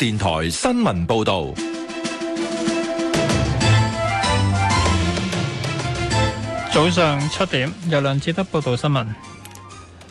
電台新聞報道，早上七點，有梁志德報道新聞。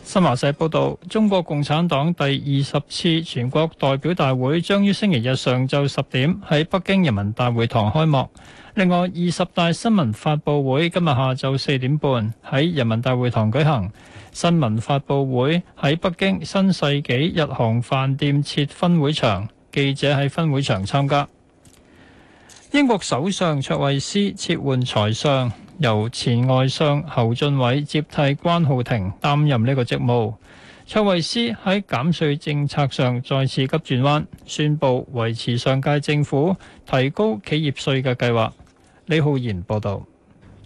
新華社報道，中國共產黨第二十次全國代表大會將於星期日上晝十點喺北京人民大會堂開幕。另外，二十大新聞發佈會今日下晝四點半喺人民大會堂舉行。新聞發佈會喺北京新世紀日航飯店設分會場。記者喺分會場參加。英國首相卓慧斯撤換財相，由前外相侯俊偉接替關浩庭擔任呢個職務。卓慧斯喺減稅政策上再次急轉彎，宣布維持上屆政府提高企業稅嘅計劃。李浩然報道。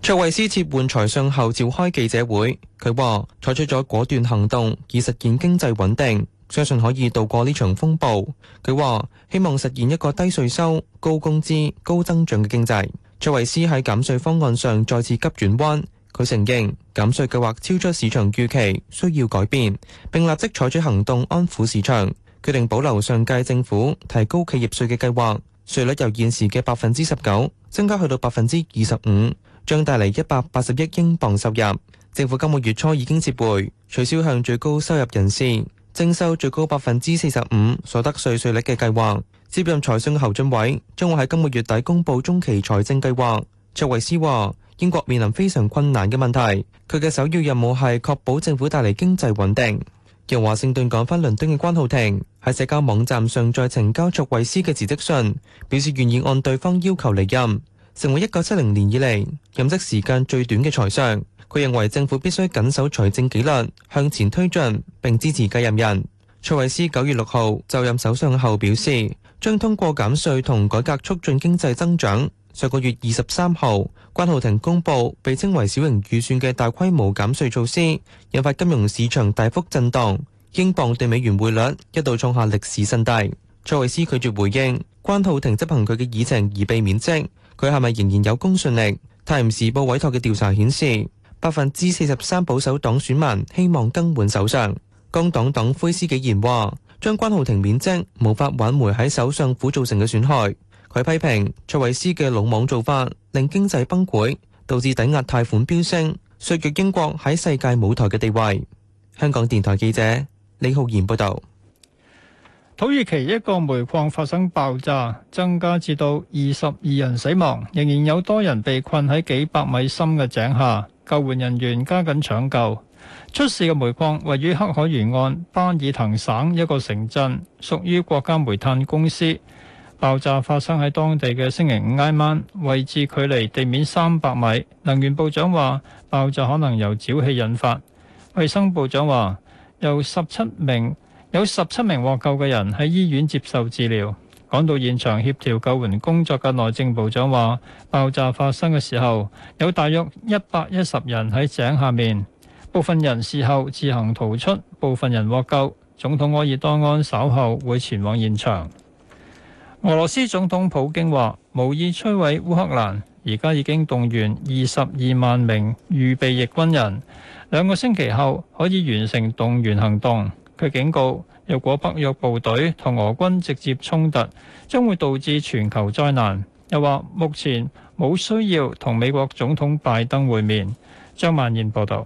卓慧斯撤換財相後召開記者會，佢話採取咗果斷行動以實現經濟穩定。相信可以渡過呢場風暴。佢話希望實現一個低稅收、高工資、高增長嘅經濟。卓慧思喺減稅方案上再次急轉彎。佢承認減稅計劃超出市場預期，需要改變，並立即採取行動安撫市場。決定保留上屆政府提高企業稅嘅計劃，稅率由現時嘅百分之十九增加去到百分之二十五，將帶嚟一百八十億英鎊收入。政府今個月初已經撤回，取消向最高收入人士。徵收最高百分之四十五所得稅稅率嘅計劃，接任財相嘅侯俊偉將會喺今個月底公布中期財政計劃。卓維斯話：英國面臨非常困難嘅問題，佢嘅首要任務係確保政府帶嚟經濟穩定。由華盛頓趕翻倫敦嘅關浩庭喺社交網站上再呈交卓維斯嘅辭職信，表示願意按對方要求離任。成為一九七零年以嚟任職時間最短嘅財相。佢認為政府必須緊守財政紀律，向前推進並支持繼任人。卓慧思九月六號就任首相後表示，將通過減稅同改革促進經濟增長。上個月二十三號，關浩庭公布被稱為小型預算嘅大規模減稅措施，引發金融市場大幅震盪，英鎊對美元匯率一度創下歷史新低。蔡維斯拒絕回應關浩庭執行佢嘅議程而被免職，佢係咪仍然有公信力？泰晤士報委託嘅調查顯示，百分之四十三保守黨選民希望更換首相。工黨黨魁司紀言話，將關浩庭免職無法挽回喺首相府造成嘅損害。佢批評蔡維斯嘅魯莽做法，令經濟崩潰，導致抵押貸款飆升，削弱英國喺世界舞台嘅地位。香港電台記者李浩然報道。土耳其一個煤礦發生爆炸，增加至到二十二人死亡，仍然有多人被困喺幾百米深嘅井下，救援人員加緊搶救。出事嘅煤礦位於黑海沿岸巴爾滕省一個城鎮，屬於國家煤炭公司。爆炸發生喺當地嘅星期五挨晚，位置距離地面三百米。能源部長話爆炸可能由沼氣引發，衛生部長話有十七名。有十七名獲救嘅人喺醫院接受治療。趕到現場協調救援工作嘅內政部長話，爆炸發生嘅時候，有大約一百一十人喺井下面。部分人事後自行逃出，部分人獲救。總統埃爾多安稍後會前往現場。俄羅斯總統普京話，無意摧毀烏克蘭，而家已經動員二十二萬名預備役軍人，兩個星期後可以完成動員行動。佢警告：若果北約部隊同俄軍直接衝突，將會導致全球災難，又話目前冇需要同美國總統拜登會面。張萬燕報道。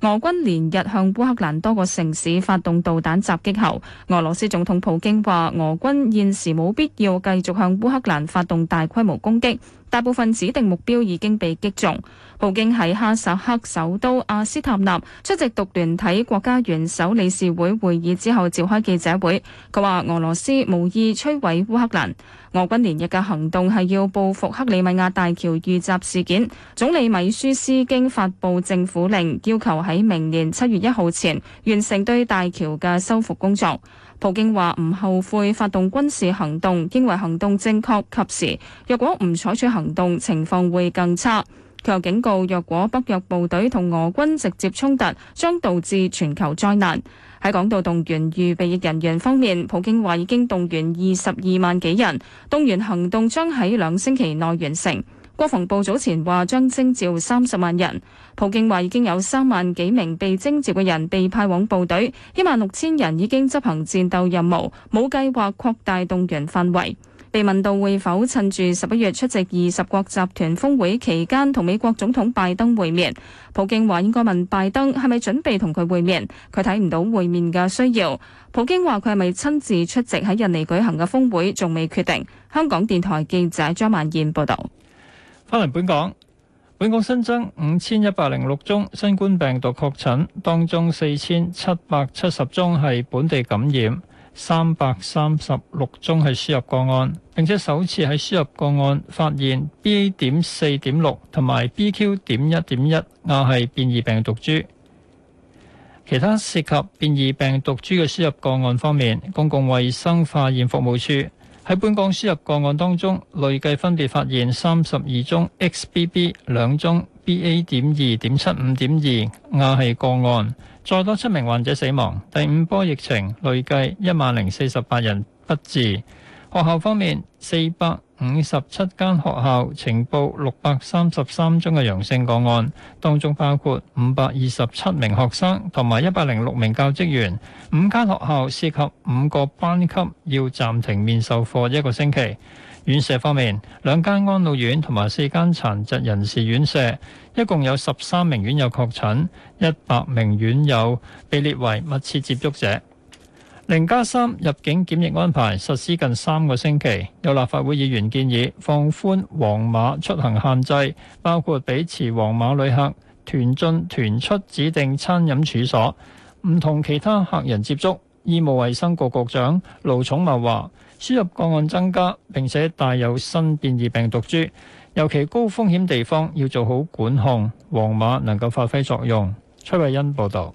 俄軍連日向烏克蘭多個城市發動導彈襲擊後，俄羅斯總統普京話：俄軍現時冇必要繼續向烏克蘭發動大規模攻擊。大部分指定目標已經被擊中。普京喺哈薩克首都阿斯塔納出席獨聯體國家元首理事會會議之後召開記者會，佢話俄羅斯無意摧毀烏克蘭。俄軍連日嘅行動係要報復克里米亞大橋遇襲事件。總理米舒斯京發布政府令，要求喺明年七月一號前完成對大橋嘅修復工作。普京話唔後悔發動軍事行動，認為行動正確及時。若果唔採取行動，情況會更差。佢又警告，若果北約部隊同俄軍直接衝突，將導致全球災難。喺講到動員預備役人員方面，普京話已經動員二十二萬幾人，動員行動將喺兩星期內完成。國防部早前話將徵召三十萬人。普京話已經有三萬幾名被徵召嘅人被派往部隊，一萬六千人已經執行戰鬥任務，冇計劃擴大動員範圍。被問到會否趁住十一月出席二十國集團峰會期間同美國總統拜登會面，普京話應該問拜登係咪準備同佢會面，佢睇唔到會面嘅需要。普京話佢係咪親自出席喺印尼舉行嘅峰會，仲未決定。香港電台記者張萬燕報道。翻嚟本港，本港新增五千一百零六宗新冠病毒確診，當中四千七百七十宗係本地感染，三百三十六宗係輸入個案，並且首次喺輸入個案發現 BA. 點四點六同埋 BQ. 點一點一亞系變異病毒株。其他涉及變異病毒株嘅輸入個案方面，公共衛生化驗服務處，喺本港輸入個案當中，累計分別發現三十二宗 XBB 兩宗 BA. 點二點七五點二亞系個案，再多七名患者死亡。第五波疫情累計一萬零四十八人不治。學校方面，四百五十七間學校呈報六百三十三宗嘅陽性個案，當中包括五百二十七名學生同埋一百零六名教職員。五間學校涉及五個班級要暫停面授課一個星期。院舍方面，兩間安老院同埋四間殘疾人士院舍，一共有十三名院友確診，一百名院友被列為密切接觸者。零加三入境檢疫安排實施近三個星期，有立法會議員建議放寬黃碼出行限制，包括俾持黃碼旅客團進團出指定餐飲處所，唔同其他客人接觸。醫務衛生局局長盧寵茂話：輸入個案增加，並且帶有新變異病毒株，尤其高風險地方要做好管控。黃碼能夠發揮作用。崔慧欣報導。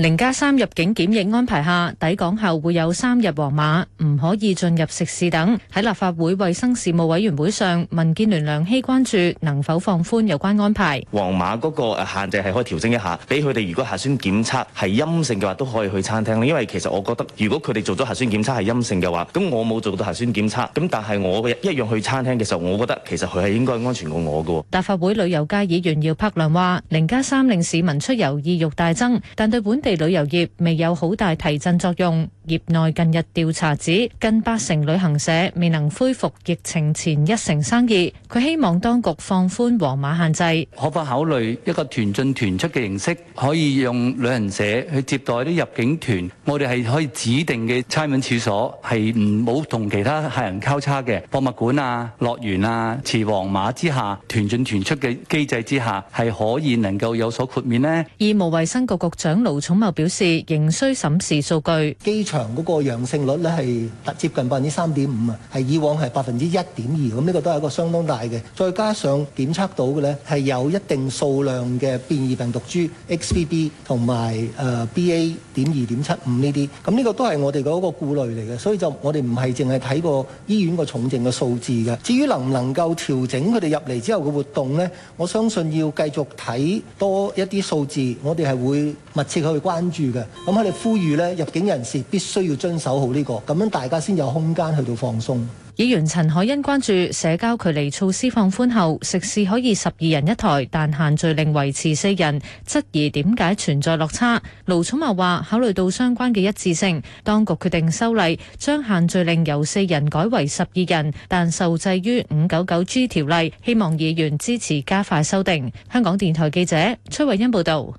零加三入境檢疫安排下，抵港後會有三日黃碼，唔可以進入食肆等。喺立法會衛生事務委員會上，民建聯梁希關注能否放寬有關安排。黃碼嗰個限制係可以調整一下，俾佢哋如果核酸檢測係陰性嘅話，都可以去餐廳。因為其實我覺得，如果佢哋做咗核酸檢測係陰性嘅話，咁我冇做到核酸檢測，咁但係我一樣去餐廳嘅時候，我覺得其實佢係應該安全過我㗎。立法會旅遊界議員姚柏良話，零加三令市民出遊意欲大增，但對本地。旅遊業未有好大提振作用，業內近日調查指近八成旅行社未能恢復疫情前一成生意。佢希望當局放寬黃碼限制，可否考慮一個團進團出嘅形式，可以用旅行社去接待啲入境團？我哋係可以指定嘅餐飲處所係唔冇同其他客人交叉嘅。博物館啊、樂園啊、持黃碼之下團進團出嘅機制之下，係可以能夠有所豁免呢？醫務衛生局局長盧寵茂。表示仍需審視數據。機場嗰個陽性率咧係接近百分之三點五啊，係以往係百分之一點二，咁呢個都係一個相當大嘅。再加上檢測到嘅咧係有一定數量嘅變異病毒株 XBB 同埋誒 BA 點二點七五呢啲，咁呢個都係我哋嗰個顧慮嚟嘅。所以就我哋唔係淨係睇個醫院個重症嘅數字嘅。至於能唔能夠調整佢哋入嚟之後嘅活動咧，我相信要繼續睇多一啲數字，我哋係會。密切去關注嘅，咁我哋呼籲咧入境人士必須要遵守好呢個，咁樣大家先有空間去到放鬆。議員陳海欣關注社交距離措施放寬後，食肆可以十二人一台，但限聚令維持四人，質疑點解存在落差。盧寵茂話：考慮到相關嘅一致性，當局決定修例，將限聚令由四人改為十二人，但受制於五九九 G 條例，希望議員支持加快修訂。香港電台記者崔慧欣報道。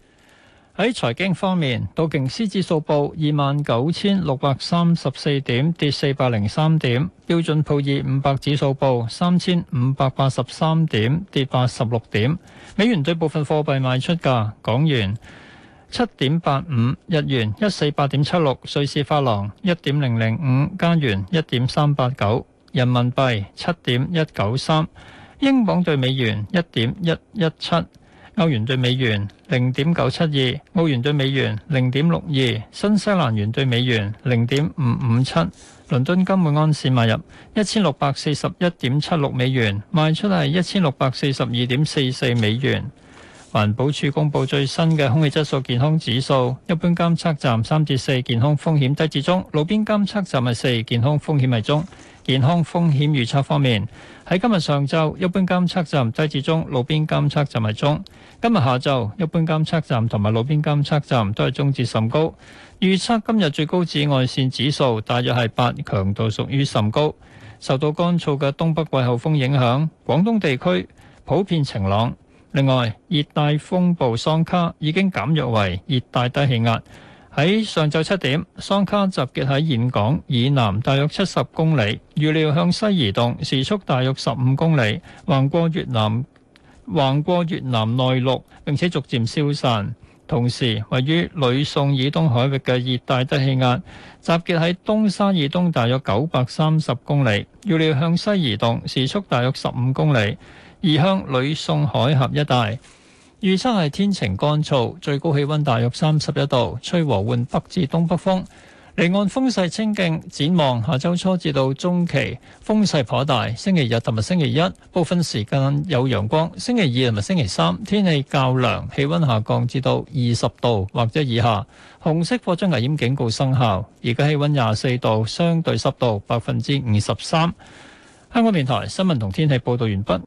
喺財經方面，道瓊斯指數報二萬九千六百三十四點，跌四百零三點；標準普爾五百指數報三千五百八十三點，跌八十六點。美元對部分貨幣賣出價：港元七點八五，日元一四八點七六，瑞士法郎一點零零五，加元一點三八九，人民幣七點一九三，英鎊對美元一點一一七。歐元兌美元零點九七二，澳元兌美元零點六二，新西蘭元兌美元零點五五七。倫敦金每安士買入一千六百四十一點七六美元，賣出係一千六百四十二點四四美元。環保署公布最新嘅空氣質素健康指數，一般監測站三至四健康風險低至中，路邊監測站係四健康風險係中。健康風險預測方面，喺今日上晝，一般監測站低至中，路邊監測站係中。今日下晝，一般監測站同埋路邊監測站都係中至甚高。預測今日最高紫外線指數大約係八，強度屬於甚高。受到乾燥嘅東北季候風影響，廣東地區普遍晴朗。另外，熱帶風暴桑卡已經減弱為熱帶低氣壓。喺上晝七點，桑卡集結喺峴港以南大約七十公里，預料向西移動，時速大約十五公里，橫過越南，橫過越南內陸，並且逐漸消散。同時，位於呂宋以東海域嘅熱帶低氣壓集結喺東沙以東大約九百三十公里，預料向西移動，時速大約十五公里，移向呂宋海峽一帶。預測係天晴乾燥，最高氣温大約三十一度，吹和緩北至東北風。離岸風勢清勁，展望下周初至到中期風勢頗大。星期日同埋星期一部分時間有陽光，星期二同埋星期三天氣較涼，氣温下降至到二十度或者以下。紅色火災危險警告生效。而家氣温廿四度，相對濕度百分之五十三。香港電台新聞同天氣報導完畢。